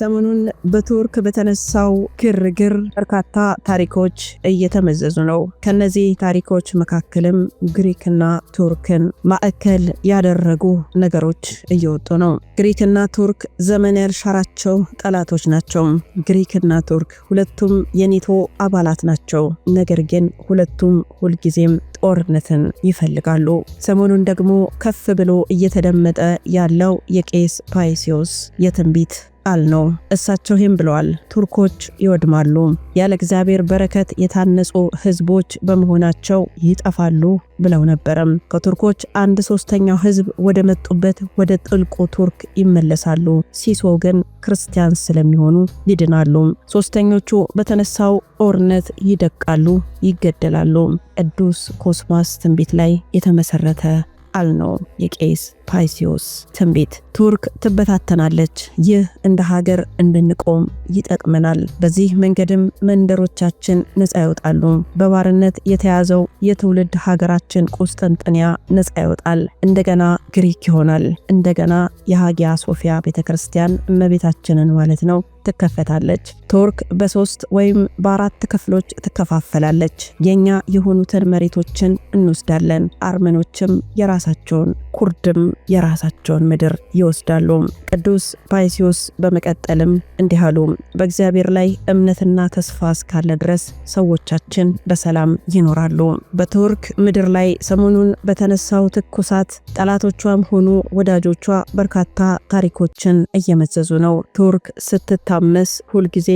ሰሞኑን በቱርክ በተነሳው ግርግር በርካታ ታሪኮች እየተመዘዙ ነው። ከነዚህ ታሪኮች መካከልም ግሪክና ቱርክን ማዕከል ያደረጉ ነገሮች እየወጡ ነው። ግሪክና ቱርክ ዘመን ያልሻራቸው ጠላቶች ናቸው። ግሪክና ቱርክ ሁለቱም የኔቶ አባላት ናቸው። ነገር ግን ሁለቱም ሁልጊዜም ጦርነትን ይፈልጋሉ። ሰሞኑን ደግሞ ከፍ ብሎ እየተደመጠ ያለው የቄስ ፓይሲዮስ የትንቢት ቃል ነው። እሳቸው ይህም ብለዋል፣ ቱርኮች ይወድማሉ፣ ያለ እግዚአብሔር በረከት የታነጹ ህዝቦች በመሆናቸው ይጠፋሉ ብለው ነበረም። ከቱርኮች አንድ ሶስተኛው ህዝብ ወደ መጡበት ወደ ጥልቁ ቱርክ ይመለሳሉ። ሲሶ ግን ክርስቲያን ስለሚሆኑ ይድናሉ። ሶስተኞቹ በተነሳው ጦርነት ይደቃሉ፣ ይገደላሉ። ቅዱስ ኮስማስ ትንቢት ላይ የተመሰረተ ቃል ነው የቄስ ፓይሲዮስ ትንቢት ቱርክ ትበታተናለች። ይህ እንደ ሀገር እንድንቆም ይጠቅመናል። በዚህ መንገድም መንደሮቻችን ነጻ ይወጣሉ። በባርነት የተያዘው የትውልድ ሀገራችን ቁስጥንጥንያ ነጻ ይወጣል። እንደገና ግሪክ ይሆናል። እንደገና የሀጊያ ሶፊያ ቤተ ክርስቲያን እመቤታችንን ማለት ነው ትከፈታለች። ቱርክ በሶስት ወይም በአራት ክፍሎች ትከፋፈላለች። የእኛ የሆኑትን መሬቶችን እንወስዳለን። አርመኖችም የራሳቸውን፣ ኩርድም የራሳቸውን ምድር ይወስዳሉ። ቅዱስ ፓይሲዮስ በመቀጠልም እንዲህ አሉ። በእግዚአብሔር ላይ እምነትና ተስፋ እስካለ ድረስ ሰዎቻችን በሰላም ይኖራሉ። በቱርክ ምድር ላይ ሰሞኑን በተነሳው ትኩሳት ጠላቶቿም ሆኑ ወዳጆቿ በርካታ ታሪኮችን እየመዘዙ ነው። ቱርክ ስትታመስ ሁልጊዜ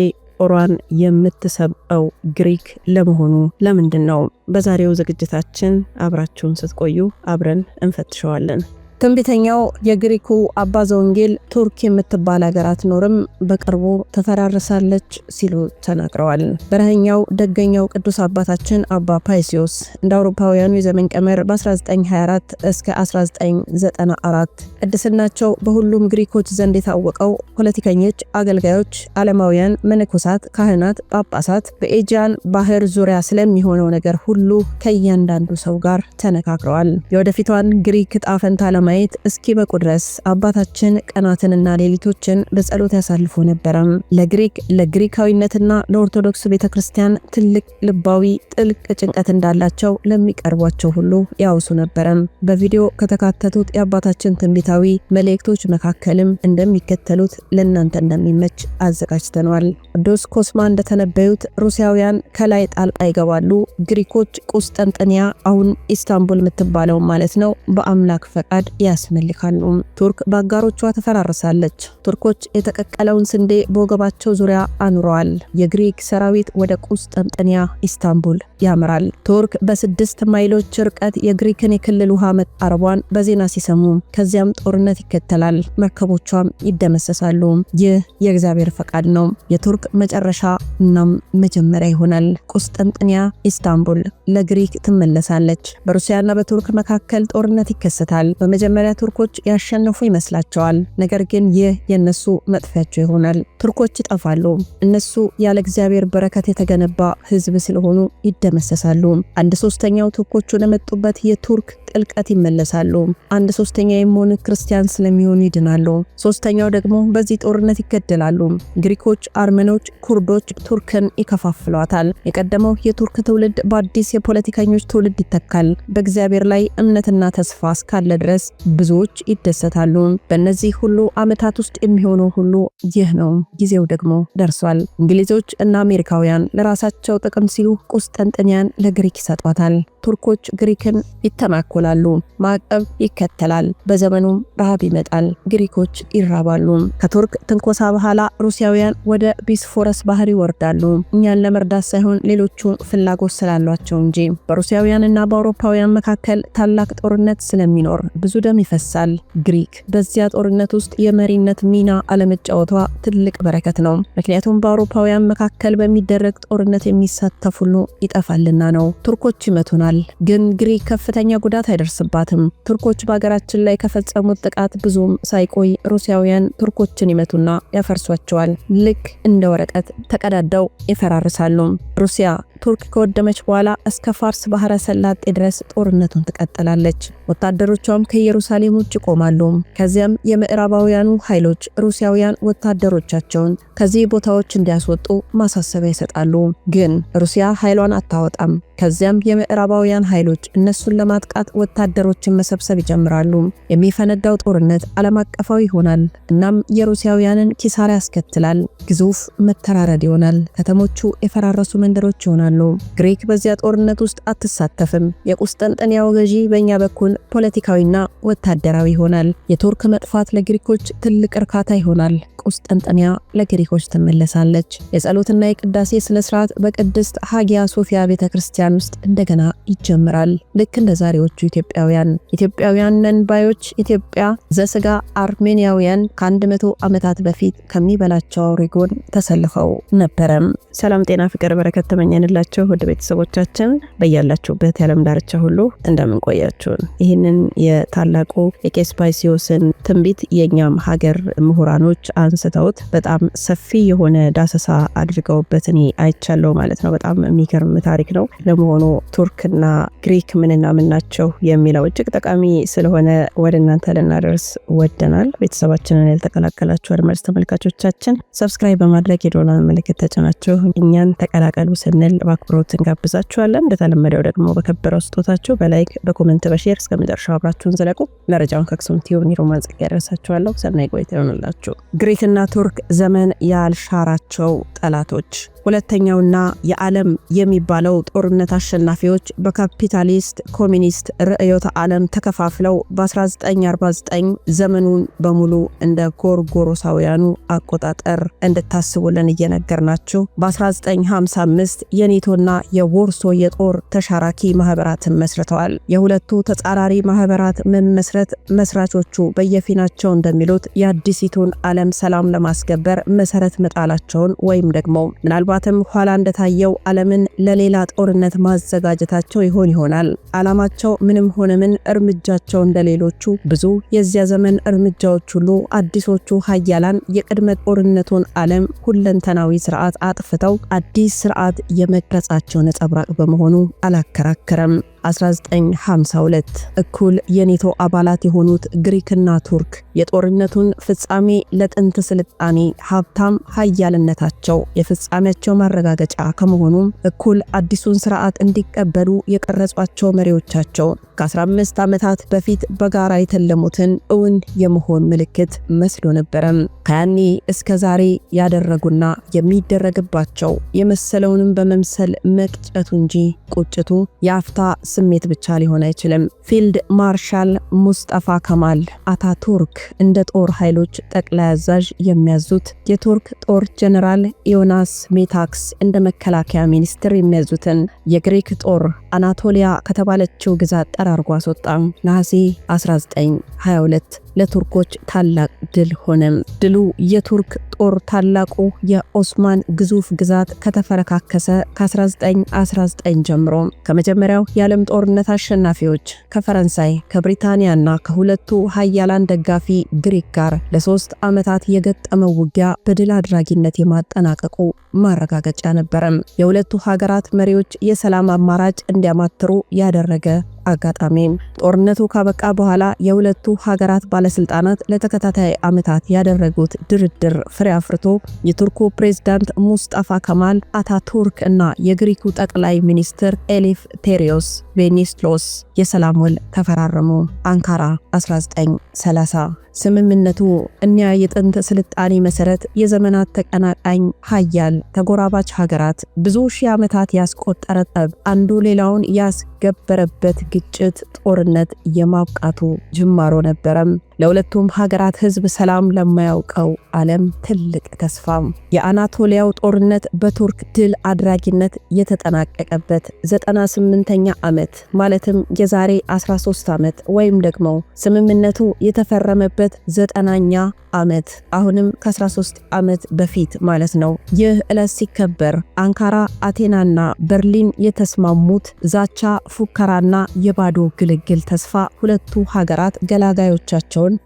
ጦሯን የምትሰብቀው ግሪክ ለመሆኑ ለምንድን ነው? በዛሬው ዝግጅታችን አብራችሁን ስትቆዩ አብረን እንፈትሸዋለን። ትንቢተኛው የግሪኩ አባ ዘወንጌል ቱርክ የምትባል ሀገር አትኖርም፣ በቅርቡ ትፈራርሳለች ሲሉ ተናግረዋል። በረሃኛው ደገኛው ቅዱስ አባታችን አባ ፓይሲዮስ እንደ አውሮፓውያኑ የዘመን ቀመር በ1924 እስከ 1994 ቅድስናቸው በሁሉም ግሪኮች ዘንድ የታወቀው ፖለቲከኞች፣ አገልጋዮች፣ ዓለማውያን፣ መነኮሳት፣ ካህናት፣ ጳጳሳት በኤጂያን ባህር ዙሪያ ስለሚሆነው ነገር ሁሉ ከእያንዳንዱ ሰው ጋር ተነካክረዋል። የወደፊቷን ግሪክ ጣፈንታ ለማ ለማየት እስኪበቁ ድረስ አባታችን ቀናትንና ሌሊቶችን በጸሎት ያሳልፎ ነበረ። ለግሪክ ለግሪካዊነትና ለኦርቶዶክስ ቤተ ክርስቲያን ትልቅ ልባዊ ጥልቅ ጭንቀት እንዳላቸው ለሚቀርቧቸው ሁሉ ያውሱ ነበረ። በቪዲዮ ከተካተቱት የአባታችን ትንቢታዊ መልእክቶች መካከልም እንደሚከተሉት ለእናንተ እንደሚመች አዘጋጅተነዋል። ቅዱስ ኮስማ እንደተነበዩት ሩሲያውያን ከላይ ጣልቃ ይገባሉ። ግሪኮች ቁስጠንጥንያ አሁን ኢስታንቡል የምትባለው ማለት ነው በአምላክ ፈቃድ ያስመልካሉ። ቱርክ በአጋሮቿ ተፈራርሳለች። ቱርኮች የተቀቀለውን ስንዴ በወገባቸው ዙሪያ አኑረዋል። የግሪክ ሰራዊት ወደ ቁስጥንጥንያ ኢስታንቡል ያምራል። ቱርክ በስድስት ማይሎች ርቀት የግሪክን የክልል ውሃ መጣረቧን በዜና ሲሰሙ፣ ከዚያም ጦርነት ይከተላል። መርከቦቿም ይደመሰሳሉ። ይህ የእግዚአብሔር ፈቃድ ነው። የቱርክ መጨረሻ እናም መጀመሪያ ይሆናል። ቁስጥንጥንያ ኢስታንቡል ለግሪክ ትመለሳለች። በሩሲያና በቱርክ መካከል ጦርነት ይከሰታል። በመጀመ መጀመሪያ ቱርኮች ያሸነፉ ይመስላቸዋል። ነገር ግን ይህ የእነሱ መጥፊያቸው ይሆናል። ቱርኮች ይጠፋሉ። እነሱ ያለ እግዚአብሔር በረከት የተገነባ ህዝብ ስለሆኑ ይደመሰሳሉ። አንድ ሶስተኛው ቱርኮቹ ለመጡበት የቱርክ ጥልቀት ይመለሳሉ። አንድ ሶስተኛ የሚሆን ክርስቲያን ስለሚሆኑ ይድናሉ። ሶስተኛው ደግሞ በዚህ ጦርነት ይገደላሉ። ግሪኮች፣ አርመኖች፣ ኩርዶች ቱርክን ይከፋፍሏታል። የቀደመው የቱርክ ትውልድ በአዲስ የፖለቲከኞች ትውልድ ይተካል። በእግዚአብሔር ላይ እምነትና ተስፋ እስካለ ድረስ ብዙዎች ይደሰታሉ። በእነዚህ ሁሉ ዓመታት ውስጥ የሚሆነው ሁሉ ይህ ነው። ጊዜው ደግሞ ደርሷል። እንግሊዞች እና አሜሪካውያን ለራሳቸው ጥቅም ሲሉ ቁስጠንጥንያን ለግሪክ ይሰጧታል። ቱርኮች ግሪክን ይተናኮላል ይጎላሉ፣ ማዕቀብ ይከተላል። በዘመኑም ረሃብ ይመጣል፣ ግሪኮች ይራባሉ። ከቱርክ ትንኮሳ በኋላ ሩሲያውያን ወደ ቢስፎረስ ባህር ይወርዳሉ፣ እኛን ለመርዳት ሳይሆን ሌሎቹ ፍላጎት ስላሏቸው እንጂ። በሩሲያውያንና በአውሮፓውያን መካከል ታላቅ ጦርነት ስለሚኖር ብዙ ደም ይፈሳል። ግሪክ በዚያ ጦርነት ውስጥ የመሪነት ሚና አለመጫወቷ ትልቅ በረከት ነው። ምክንያቱም በአውሮፓውያን መካከል በሚደረግ ጦርነት የሚሳተፍ ሁሉ ይጠፋልና ነው። ቱርኮች ይመቱናል፣ ግን ግሪክ ከፍተኛ ጉዳት አይደርስባትም። ቱርኮች በሀገራችን ላይ ከፈጸሙት ጥቃት ብዙም ሳይቆይ ሩሲያውያን ቱርኮችን ይመቱና ያፈርሷቸዋል። ልክ እንደ ወረቀት ተቀዳደው ይፈራርሳሉ። ሩሲያ ቱርክ ከወደመች በኋላ እስከ ፋርስ ባህረ ሰላጤ ድረስ ጦርነቱን ትቀጥላለች። ወታደሮቿም ከኢየሩሳሌም ውጭ ይቆማሉ። ከዚያም የምዕራባውያኑ ኃይሎች ሩሲያውያን ወታደሮቻቸውን ከዚህ ቦታዎች እንዲያስወጡ ማሳሰቢያ ይሰጣሉ። ግን ሩሲያ ኃይሏን አታወጣም። ከዚያም የምዕራባውያን ኃይሎች እነሱን ለማጥቃት ወታደሮችን መሰብሰብ ይጀምራሉ። የሚፈነዳው ጦርነት ዓለም አቀፋዊ ይሆናል። እናም የሩሲያውያንን ኪሳራ ያስከትላል። ግዙፍ መተራረድ ይሆናል። ከተሞቹ የፈራረሱ መንደሮች ይሆናሉ። ይሆናሉ። ግሪክ በዚያ ጦርነት ውስጥ አትሳተፍም። የቁስጠንጠንያው ገዢ በእኛ በኩል ፖለቲካዊና ወታደራዊ ይሆናል። የቱርክ መጥፋት ለግሪኮች ትልቅ እርካታ ይሆናል። ቁስጠንጠንያ ለግሪኮች ትመለሳለች። የጸሎትና የቅዳሴ ስነ ስርዓት በቅድስት ሀጊያ ሶፊያ ቤተ ክርስቲያን ውስጥ እንደገና ይጀምራል። ልክ እንደ ዛሬዎቹ ኢትዮጵያውያን ኢትዮጵያውያን ነን ባዮች ኢትዮጵያ ዘስጋ አርሜኒያውያን ከ100 ዓመታት በፊት ከሚበላቸው አውሬ ጎን ተሰልፈው ነበረም። ሰላም ጤና ፍቅር በረከት ተመኘንላችሁ። የተወደዳቸው ወደ ቤተሰቦቻችን በያላችሁበት የዓለም ዳርቻ ሁሉ እንደምንቆያችሁን ይህንን የታላቁ የቄስፓይሲዮስን ትንቢት የእኛም ሀገር ምሁራኖች አንስተውት በጣም ሰፊ የሆነ ዳሰሳ አድርገውበት እኔ አይቻለው ማለት ነው። በጣም የሚገርም ታሪክ ነው። ለመሆኑ ቱርክና ግሪክ ምንና ምን ናቸው የሚለው እጅግ ጠቃሚ ስለሆነ ወደ እናንተ ልናደርስ ወደናል። ቤተሰባችንን ያልተቀላቀላችሁ አድማጭ ተመልካቾቻችን ሰብስክራይብ በማድረግ የዶላር ምልክት ተጭናችሁ እኛን ተቀላቀሉ ስንል በአክብሮት እንጋብዛችኋለን። እንደተለመደው ደግሞ በከበረው ስጦታቸው በላይክ በኮመንት በሼር እስከ አብራችሁን ዘለቁ። መረጃውን ከአክሱም ቲዩብ ሮማን ጸጋ ያደረሳችኋለሁ። ሰናይ ቆይታ ይሆንላችሁ። ግሪክና ቱርክ ዘመን ያልሻራቸው ጠላቶች ሁለተኛውና የዓለም የሚባለው ጦርነት አሸናፊዎች በካፒታሊስት ኮሚኒስት ርዕዮተ ዓለም ተከፋፍለው በ1949 ዘመኑን በሙሉ እንደ ጎርጎሮሳውያኑ አቆጣጠር እንድታስቡልን እየነገርናችሁ በ1955 የኔቶና የወርሶ የጦር ተሻራኪ ማህበራትን መስርተዋል። የሁለቱ ተጻራሪ ማህበራት መመስረት መስራቾቹ በየፊናቸው እንደሚሉት የአዲሲቱን ዓለም ሰላም ለማስገበር መሰረት መጣላቸውን ወይም ደግሞ ምናልባት ምናልባትም ኋላ እንደታየው ዓለምን ለሌላ ጦርነት ማዘጋጀታቸው ይሆን ይሆናል። ዓላማቸው ምንም ሆነ ምን እርምጃቸው እንደሌሎቹ ብዙ የዚያ ዘመን እርምጃዎች ሁሉ አዲሶቹ ሀያላን የቅድመ ጦርነቱን ዓለም ሁለንተናዊ ስርዓት አጥፍተው አዲስ ስርዓት የመቅረጻቸው ነጸብራቅ በመሆኑ አላከራከረም። 1952 እኩል የኔቶ አባላት የሆኑት ግሪክና ቱርክ የጦርነቱን ፍጻሜ ለጥንት ስልጣኔ ሀብታም ሀያልነታቸው የፍጻሜያቸው ማረጋገጫ ከመሆኑም እኩል አዲሱን ስርዓት እንዲቀበሉ የቀረጿቸው መሪዎቻቸው ከ15 ዓመታት በፊት በጋራ የተለሙትን እውን የመሆን ምልክት መስሎ ነበረም። ከያኔ እስከ ዛሬ ያደረጉና የሚደረግባቸው የመሰለውንም በመምሰል መቅጨቱ እንጂ ቁጭቱ የአፍታ ስሜት ብቻ ሊሆን አይችልም። ፊልድ ማርሻል ሙስጠፋ ከማል አታቱርክ እንደ ጦር ኃይሎች ጠቅላይ አዛዥ የሚያዙት የቱርክ ጦር ጀነራል ኢዮናስ ሜታክስ እንደ መከላከያ ሚኒስትር የሚያዙትን የግሪክ ጦር አናቶሊያ ከተባለችው ግዛት ጠራርጎ አስወጣ። ነሐሴ 1922 ለቱርኮች ታላቅ ድል ሆነ። ድሉ የቱርክ ጦር ታላቁ የኦስማን ግዙፍ ግዛት ከተፈረካከሰ ከ1919 ጀምሮ ከመጀመሪያው የዓለም ጦርነት አሸናፊዎች ከፈረንሳይ ከብሪታንያና ከሁለቱ ሀያላን ደጋፊ ግሪክ ጋር ለሶስት ዓመታት የገጠመው ውጊያ በድል አድራጊነት የማጠናቀቁ ማረጋገጫ ነበረም። የሁለቱ ሀገራት መሪዎች የሰላም አማራጭ እንዲያማትሩ ያደረገ አጋጣሚም ጦርነቱ ካበቃ በኋላ የሁለቱ ሀገራት ባለስልጣናት ለተከታታይ ዓመታት ያደረጉት ድርድር ፍሬ አፍርቶ የቱርኩ ፕሬዝዳንት ሙስጣፋ ከማል አታቱርክ እና የግሪኩ ጠቅላይ ሚኒስትር ኤሊፍ ቴሪዮስ ቬኒስሎስ የሰላም ውል ተፈራረሙ። አንካራ 1930 ስምምነቱ እኒያ የጥንት ስልጣኔ መሰረት የዘመናት ተቀናቃኝ ሀያል ተጎራባች ሀገራት ብዙ ሺህ ዓመታት ያስቆጠረ ጠብ አንዱ ሌላውን ያስገበረበት ግጭት ጦርነት የማብቃቱ ጅማሮ ነበረም። ለሁለቱም ሀገራት ህዝብ ሰላም ለማያውቀው ዓለም ትልቅ ተስፋም። የአናቶሊያው ጦርነት በቱርክ ድል አድራጊነት የተጠናቀቀበት 98ኛ ዓመት ማለትም የዛሬ 13 ዓመት ወይም ደግሞ ስምምነቱ የተፈረመበት ዘጠናኛ ዓመት አሁንም ከ13 ዓመት በፊት ማለት ነው። ይህ ዕለት ሲከበር አንካራ፣ አቴናና በርሊን የተስማሙት ዛቻ፣ ፉከራና የባዶ ግልግል ተስፋ ሁለቱ ሀገራት ገላጋዮቻቸው መሆናቸውን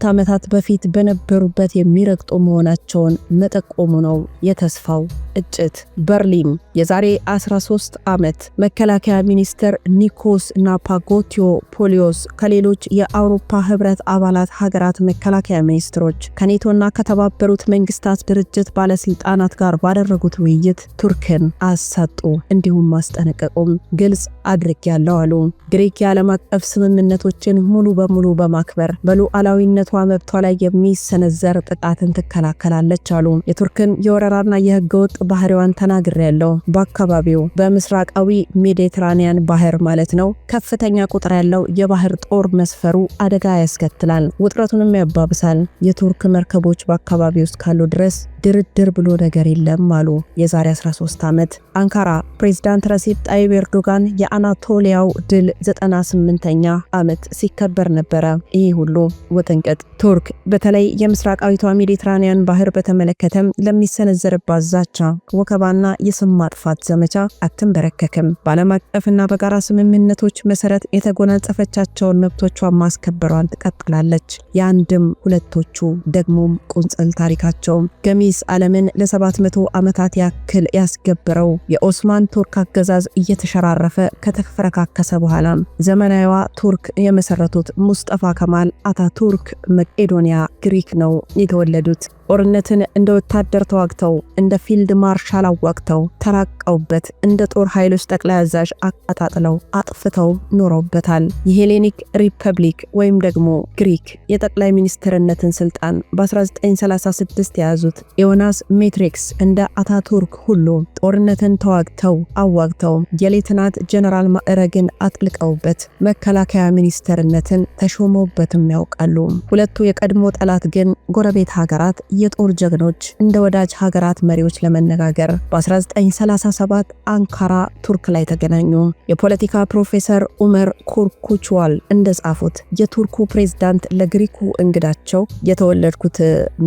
ከ98 ዓመታት በፊት በነበሩበት የሚረግጡ መሆናቸውን መጠቆሙ ነው የተስፋው እጭት። በርሊን የዛሬ 13 ዓመት መከላከያ ሚኒስትር ኒኮስ ናፓጎቲዮ ፖሊዮስ ከሌሎች የአውሮፓ ህብረት አባላት ሀገራት መከላከያ ሚኒስትሮች ከኔቶና ከተባበሩት መንግስታት ድርጅት ባለስልጣናት ጋር ባደረጉት ውይይት ቱርክን አሳጡ እንዲሁም ማስጠነቀቁም ግልጽ አድርጌያለሁ አሉ። ግሪክ የዓለም አቀፍ ስምምነቶችን ሙሉ በሙሉ በማክበር ማክበር በሉዓላዊነቷ መብቷ ላይ የሚሰነዘር ጥቃትን ትከላከላለች አሉ። የቱርክን የወረራና የህገወጥ ባህሪዋን ተናግር ያለው በአካባቢው በምስራቃዊ ሜዲትራኒያን ባህር ማለት ነው ከፍተኛ ቁጥር ያለው የባህር ጦር መስፈሩ አደጋ ያስከትላል፣ ውጥረቱንም ያባብሳል። የቱርክ መርከቦች በአካባቢው ውስጥ ካሉ ድረስ ድርድር ብሎ ነገር የለም አሉ። የዛሬ 13 ዓመት አንካራ ፕሬዚዳንት ረሲፕ ጣይብ ኤርዶጋን የአናቶሊያው ድል 98ኛ ዓመት ሲከበር ነበረ። ይህ ሁሉ ውጥንቅጥ ቱርክ በተለይ የምስራቃዊቷ ሜዲትራኒያን ባህር በተመለከተም ለሚሰነዘርባት ዛቻ፣ ወከባና የስም ማጥፋት ዘመቻ አትንበረከክም። በዓለም አቀፍና በጋራ ስምምነቶች መሰረት የተጎናጸፈቻቸውን መብቶቿን ማስከበሯን ትቀጥላለች። የአንድም ሁለቶቹ ደግሞም ቁንጽል ታሪካቸው ገሚስ ዓለምን ለ700 ዓመታት ያክል ያስገበረው የኦስማን ቱርክ አገዛዝ እየተሸራረፈ ከተፈረካከሰ በኋላ ዘመናዊዋ ቱርክ የመሰረቱት ሙስጠፋ ከማ ኬማል አታቱርክ መቄዶንያ ግሪክ ነው የተወለዱት። ጦርነትን እንደ ወታደር ተዋግተው እንደ ፊልድ ማርሻል አዋግተው ተራቀውበት እንደ ጦር ኃይሎች ጠቅላይ አዛዥ አቀጣጥለው አጥፍተው ኖረውበታል። የሄሌኒክ ሪፐብሊክ ወይም ደግሞ ግሪክ የጠቅላይ ሚኒስትርነትን ስልጣን በ1936 የያዙት ዮናስ ሜትሪክስ እንደ አታቱርክ ሁሉ ጦርነትን ተዋግተው አዋግተው የሌትናንት ጀነራል ማዕረግን አጥልቀውበት መከላከያ ሚኒስትርነትን ተሾመውበትም ያውቃሉ። ሁለቱ የቀድሞ ጠላት ግን ጎረቤት ሀገራት የጦር ጀግኖች እንደ ወዳጅ ሀገራት መሪዎች ለመነጋገር በ1937 አንካራ ቱርክ ላይ ተገናኙ። የፖለቲካ ፕሮፌሰር ኡመር ኩርኩችዋል እንደጻፉት የቱርኩ ፕሬዝዳንት ለግሪኩ እንግዳቸው የተወለድኩት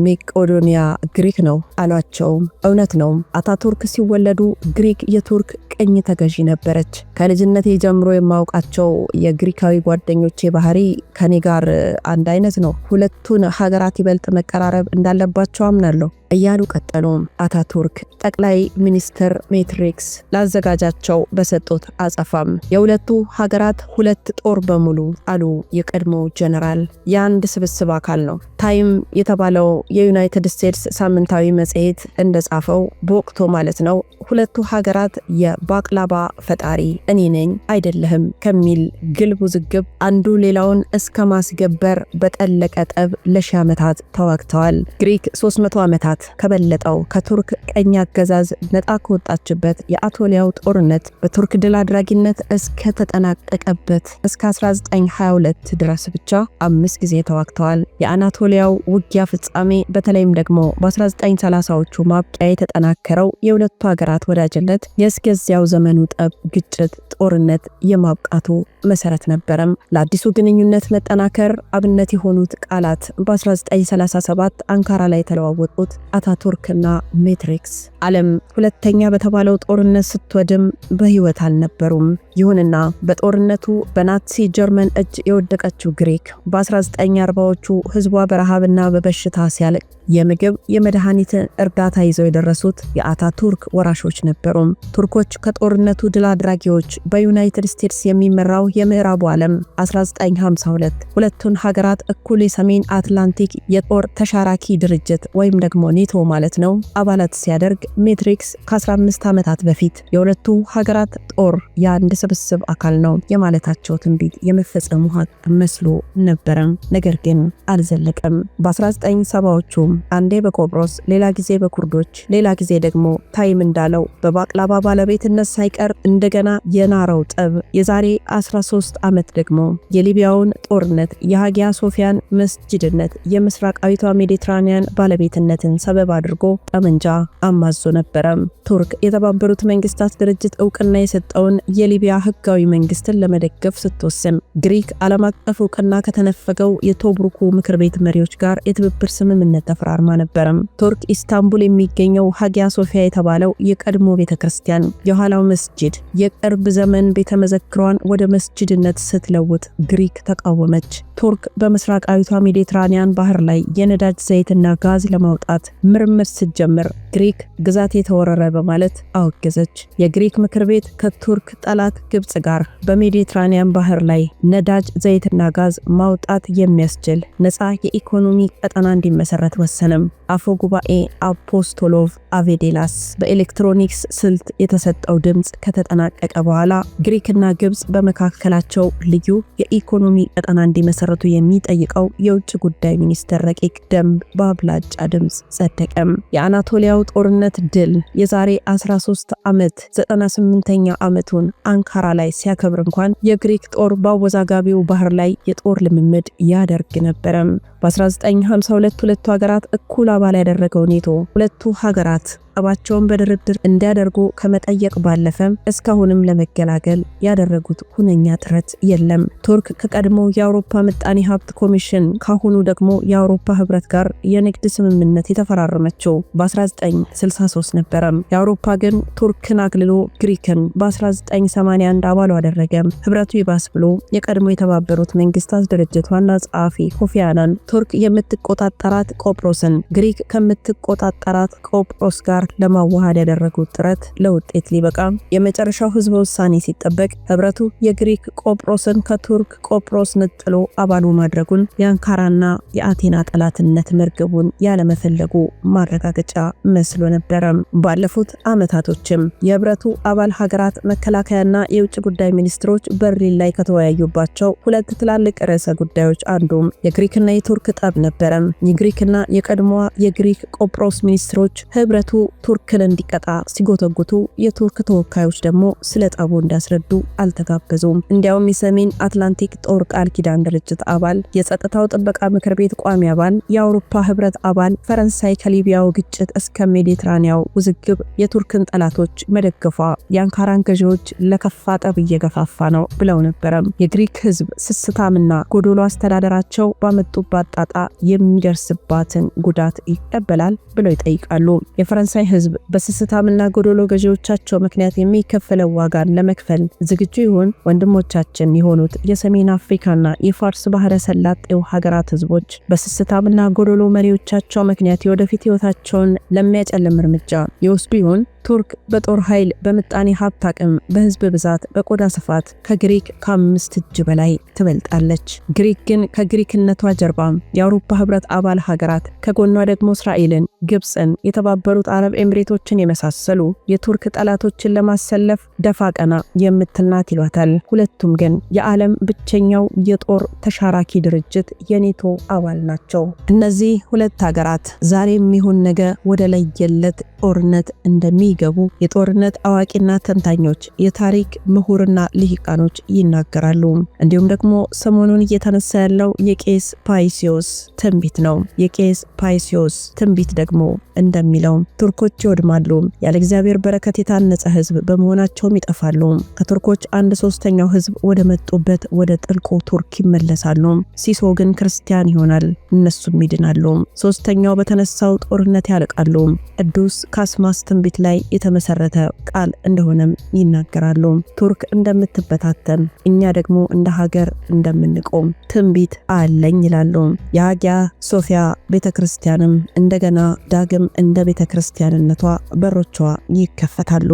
ሜቄዶኒያ ግሪክ ነው አሏቸው። እውነት ነው። አታቱርክ ሲወለዱ ግሪክ የቱርክ ቅኝ ተገዢ ነበረች። ከልጅነቴ ጀምሮ የማውቃቸው የግሪካዊ ጓደኞቼ ባህሪ ከኔ ጋር አንድ አይነት ነው። ሁለቱን ሀገራት ይበልጥ መቀራረብ እንዳለባ እንዳለባቸው አምናለሁ። እያሉ ቀጠሉ። አታቱርክ ጠቅላይ ሚኒስትር ሜትሪክስ ላዘጋጃቸው በሰጡት አጸፋም የሁለቱ ሀገራት ሁለት ጦር በሙሉ አሉ የቀድሞ ጀነራል የአንድ ስብስብ አካል ነው። ታይም የተባለው የዩናይትድ ስቴትስ ሳምንታዊ መጽሔት እንደጻፈው በወቅቱ ማለት ነው ሁለቱ ሀገራት የባቅላባ ፈጣሪ እኔ ነኝ አይደለህም ከሚል ግልብ ውዝግብ አንዱ ሌላውን እስከ ማስገበር በጠለቀ ጠብ ለሺ ዓመታት ተዋግተዋል። ግሪክ 300 ዓመታት ዓመታት ከበለጠው ከቱርክ ቀኝ አገዛዝ ነጣ ከወጣችበት የአቶሊያው ጦርነት በቱርክ ድል አድራጊነት እስከተጠናቀቀበት እስከ 1922 ድረስ ብቻ አምስት ጊዜ ተዋግተዋል። የአናቶሊያው ውጊያ ፍጻሜ በተለይም ደግሞ በ1930ዎቹ ማብቂያ የተጠናከረው የሁለቱ ሀገራት ወዳጅነት የእስከዚያው ዘመኑ ጠብ፣ ግጭት፣ ጦርነት የማብቃቱ መሰረት ነበረም። ለአዲሱ ግንኙነት መጠናከር አብነት የሆኑት ቃላት በ1937 አንካራ ላይ የተለዋወጡት አታቱርክና ሜትሪክስ ዓለም ሁለተኛ በተባለው ጦርነት ስትወድም በህይወት አልነበሩም። ይሁንና በጦርነቱ በናሲ ጀርመን እጅ የወደቀችው ግሪክ በ1940ዎቹ ህዝቧ በረሃብና በበሽታ ሲያልቅ የምግብ የመድኃኒትን እርዳታ ይዘው የደረሱት የአታቱርክ ወራሾች ነበሩም። ቱርኮች ከጦርነቱ ድል አድራጊዎች በዩናይትድ ስቴትስ የሚመራው የምዕራቡ ዓለም 1952 ሁለቱን ሀገራት እኩል የሰሜን አትላንቲክ የጦር ተሻራኪ ድርጅት ወይም ደግሞ ኔቶ ማለት ነው አባላት ሲያደርግ ሜትሪክስ ከ15 ዓመታት በፊት የሁለቱ ሀገራት ጦር የአንድ ስብስብ አካል ነው የማለታቸው ትንቢት የመፈጸሙ ሀቅ መስሎ ነበረ። ነገር ግን አልዘለቀም። በ1970ዎቹም አንዴ በቆጵሮስ ሌላ ጊዜ በኩርዶች ሌላ ጊዜ ደግሞ ታይም እንዳለው በባቅላባ ባለቤትነት ሳይቀር እንደገና የናረው ጠብ የዛሬ 13 ዓመት ደግሞ የሊቢያውን ጦርነት የሀጊያ ሶፊያን መስጅድነት የምስራቃዊቷ ሜዲትራኒያን ባለቤትነትን ሰበብ አድርጎ ጠመንጃ አማዞ ነበረም። ቱርክ የተባበሩት መንግስታት ድርጅት እውቅና የሰጠውን የሊቢያ ህጋዊ መንግስትን ለመደገፍ ስትወስን ግሪክ ዓለም አቀፍ እውቅና ከተነፈገው የቶብሩኩ ምክር ቤት መሪዎች ጋር የትብብር ስምምነት ተፈራርማ ነበረም። ቱርክ ኢስታንቡል የሚገኘው ሀጊያ ሶፊያ የተባለው የቀድሞ ቤተ ክርስቲያን የኋላው መስጅድ የቅርብ ዘመን ቤተ መዘክሯን ወደ መስጅድነት ስትለውጥ ግሪክ ተቃወመች። ቱርክ በምስራቃዊቷ ሜዲትራኒያን ባህር ላይ የነዳጅ ዘይትና ጋዝ ለማውጣት ምርምር ስትጀምር ግሪክ ግዛት የተወረረ በማለት አወገዘች። የግሪክ ምክር ቤት ከቱርክ ጠላት ግብፅ ጋር በሜዲትራኒያን ባህር ላይ ነዳጅ ዘይትና ጋዝ ማውጣት የሚያስችል ነፃ የኢኮኖሚ ቀጠና እንዲመሰረት ወሰንም። አፈ ጉባኤ አፖስቶሎቭ አቬዴላስ በኤሌክትሮኒክስ ስልት የተሰጠው ድምፅ ከተጠናቀቀ በኋላ ግሪክና ግብፅ በመካከላቸው ልዩ የኢኮኖሚ ቀጠና እንዲመሰረቱ የሚጠይቀው የውጭ ጉዳይ ሚኒስቴር ረቂቅ ደንብ በአብላጫ ድምፅ ጸደቀም። የአናቶሊያው ጦርነት ድል የዛሬ 13 ዓመት 98ኛ ዓመቱን አንካራ ላይ ሲያከብር እንኳን የግሪክ ጦር በአወዛጋቢው ባህር ላይ የጦር ልምምድ ያደርግ ነበረም። በ1952 ሁለቱ ሀገራት እኩል አባል ያደረገው ኔቶ ሁለቱ ሀገራት ጠባቸውን በድርድር እንዲያደርጉ ከመጠየቅ ባለፈም እስካሁንም ለመገላገል ያደረጉት ሁነኛ ጥረት የለም። ቱርክ ከቀድሞ የአውሮፓ ምጣኔ ሀብት ኮሚሽን ካሁኑ ደግሞ የአውሮፓ ህብረት ጋር የንግድ ስምምነት የተፈራረመችው በ1963 ነበረም። የአውሮፓ ግን ቱርክን አግልሎ ግሪክን በ1981 አባሉ አደረገም። ህብረቱ ይባስ ብሎ የቀድሞ የተባበሩት መንግስታት ድርጅት ዋና ጸሐፊ ኮፊ አናን ቱርክ የምትቆጣጠራት ቆጵሮስን ግሪክ ከምትቆጣጠራት ቆጵሮስ ጋር ለማዋሃድ ያደረጉት ጥረት ለውጤት ሊበቃ የመጨረሻው ህዝበ ውሳኔ ሲጠበቅ ህብረቱ የግሪክ ቆጵሮስን ከቱርክ ቆጵሮስ ነጥሎ አባሉ ማድረጉን የአንካራና የአቴና ጠላትነት መርገቡን ያለመፈለጉ ማረጋገጫ መስሎ ነበረ። ባለፉት ዓመታቶችም የህብረቱ አባል ሀገራት መከላከያና የውጭ ጉዳይ ሚኒስትሮች በርሊን ላይ ከተወያዩባቸው ሁለት ትላልቅ ርዕሰ ጉዳዮች አንዱም የግሪክና የቱ የቱርክ ጠብ ነበረም። የግሪክና የቀድሞዋ የግሪክ ቆጵሮስ ሚኒስትሮች ህብረቱ ቱርክን እንዲቀጣ ሲጎተጉቱ፣ የቱርክ ተወካዮች ደግሞ ስለ ጠቡ እንዲያስረዱ አልተጋበዙም። እንዲያውም የሰሜን አትላንቲክ ጦር ቃል ኪዳን ድርጅት አባል፣ የጸጥታው ጥበቃ ምክር ቤት ቋሚ አባል፣ የአውሮፓ ህብረት አባል ፈረንሳይ ከሊቢያው ግጭት እስከ ሜዲትራኒያው ውዝግብ የቱርክን ጠላቶች መደገፏ የአንካራን ገዢዎች ለከፋ ጠብ እየገፋፋ ነው ብለው ነበረም። የግሪክ ህዝብ ስስታምና ጎዶሎ አስተዳደራቸው ባመጡባት ማጣጣ የሚደርስባትን ጉዳት ይቀበላል ብለው ይጠይቃሉ። የፈረንሳይ ህዝብ በስስታምና ጎዶሎ ገዢዎቻቸው ምክንያት የሚከፈለው ዋጋን ለመክፈል ዝግጁ ይሆን? ወንድሞቻችን የሆኑት የሰሜን አፍሪካና የፋርስ ባህረ ሰላጤው ሀገራት ህዝቦች በስስታምና ጎዶሎ መሪዎቻቸው ምክንያት የወደፊት ህይወታቸውን ለሚያጨልም እርምጃ ይወስዱ ይሆን? ቱርክ በጦር ኃይል፣ በምጣኔ ሀብት አቅም፣ በህዝብ ብዛት፣ በቆዳ ስፋት ከግሪክ ከአምስት እጅ በላይ ትበልጣለች። ግሪክ ግን ከግሪክነቷ ጀርባም የአውሮፓ ህብረት አባል ሀገራት ከጎኗ ደግሞ እስራኤልን፣ ግብፅን፣ የተባበሩት አረብ ኤምሬቶችን የመሳሰሉ የቱርክ ጠላቶችን ለማሰለፍ ደፋ ቀና የምትልናት ይሏታል። ሁለቱም ግን የዓለም ብቸኛው የጦር ተሻራኪ ድርጅት የኔቶ አባል ናቸው። እነዚህ ሁለት ሀገራት ዛሬም ይሁን ነገ ወደ ለየለት ጦርነት እንደሚ እንደሚገቡ የጦርነት አዋቂና ተንታኞች፣ የታሪክ ምሁርና ልሂቃኖች ይናገራሉ። እንዲሁም ደግሞ ሰሞኑን እየተነሳ ያለው የቄስ ፓይሲዮስ ትንቢት ነው። የቄስ ፓይሲዮስ ትንቢት ደግሞ እንደሚለው ቱርኮች ይወድማሉ፣ ያለ እግዚአብሔር በረከት የታነጸ ህዝብ በመሆናቸውም ይጠፋሉ። ከቱርኮች አንድ ሶስተኛው ህዝብ ወደ መጡበት ወደ ጥልቁ ቱርክ ይመለሳሉ። ሲሶ ግን ክርስቲያን ይሆናል፣ እነሱም ይድናሉ። ሶስተኛው በተነሳው ጦርነት ያልቃሉ። ቅዱስ ካስማስ ትንቢት ላይ ላይ የተመሰረተ ቃል እንደሆነም ይናገራሉ። ቱርክ እንደምትበታተን እኛ ደግሞ እንደ ሀገር እንደምንቆም ትንቢት አለኝ ይላሉ። የአጊያ ሶፊያ ቤተ ክርስቲያንም እንደገና ዳግም እንደ ቤተ ክርስቲያንነቷ በሮቿ ይከፈታሉ።